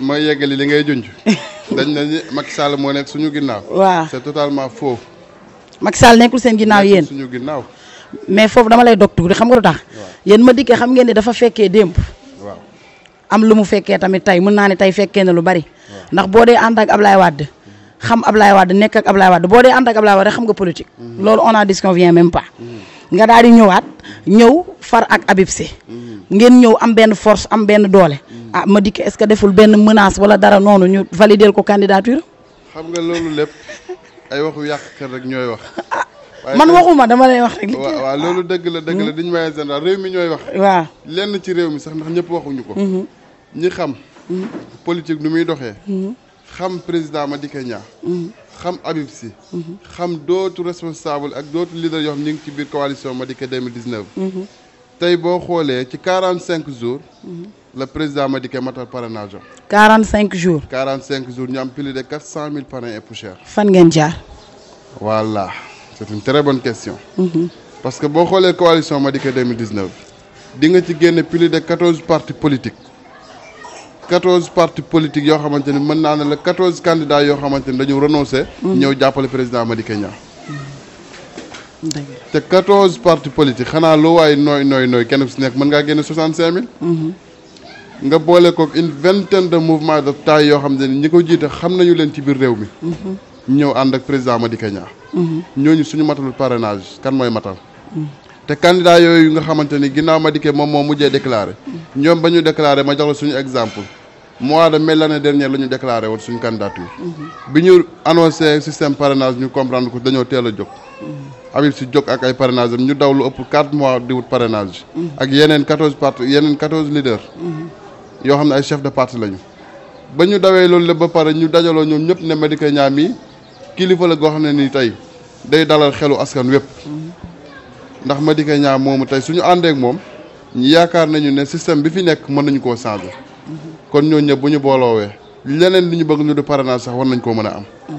ma yeggali li ngay junj dañ ne ni Macky Sall mo nek suñu ginnaw c'est totalement faux. Macky Sall nekul seen ginnaw yeen suñu ginnaw mais fofu dama lay dog xam nga lutax yeen ma dikkee xam ngeen ni dafa fekkee demb am lu mu fekkee tamit tay mën na ni tay fekkee na lu bari. ndax bo dee and ak Ablaye Wade. xam Ablaye Wade nek ak Ablaye Wade bo dee and ak Ablaye Wade xam nga politique. Mhm. loolu on en disconvient même pas. Mhm. nga daal di ñëwaat ñëw far ak Habib mhm. ngeen ñëw am ben force am ben doole. Ah, est-ce que deful une menace wala dara ñu valider ko candidature. xam nga sais pas, ay waxu kër rek ñoy wax. Ah, man waxuma dama lay wax rek. la la hmm? mi wax. Hmm. Hmm. politique xam président xam Habib Sy. xam dootu responsable ak dootu leader yo xam coalition 2019. ci 45 jours le président m'a dit que matal parrainage. 45 jours. 45 jours Nous avons plus de 400 000 parrains et poussières. fan ngeen voilà C'est une très bonne question. Mhm. parce que boo la coalition Madické 2019 di nga ci plus de 14 partis politiques 14 partis politiques yo xamante mën 14 candidats yo xamante dañu renoncé. Mhm. ñeu le président Madické Niang. Mhm. Té 14 partis politiques xana lo way noy noy noy kenn ci nek mën 65000. nga boole ko une vingtaine de mouvement de taille yoo xam ne ñi ko jiite xam nañu leen ci biir réew mi. ñëw ànd ak président Madické Niang. ñu suñu matalul parenage kan mooy matal. te candidat yooyu nga xamante ni ginnaaw Madické moom moo mujjee déclaré. ñoom ba ñu déclaré ma jox suñu exemple. mois de mai l'année dernière la ñu déclaré woon suñu candidature. bi ñu annoncé système parrainage ñu comprendre ko dañoo teel a jóg. Habib si jóg ak ay parrainage am ñu daw lu ëpp 4 mois di wut parrainage. ak yeneen 14 part yeneen 14 leaders. yoo xam ne ay chef de parti lañu ba ñu dawee loolu lépp ba pare ñu dajaloo ñoom ñëpp ne Madické Niang mi kilifa la goo xam ne nii tey day dalal xelu askan wépp ndax Madické Niang moomu tey suñu àndee ak moom ñu yaakaar nañu ne système bi fi nekk mën nañu koo changer kon ñooñ ñëpp bu ñu booloowee leneen li ñu bëgg ñu lu pare naa sax war nañ koo mën a am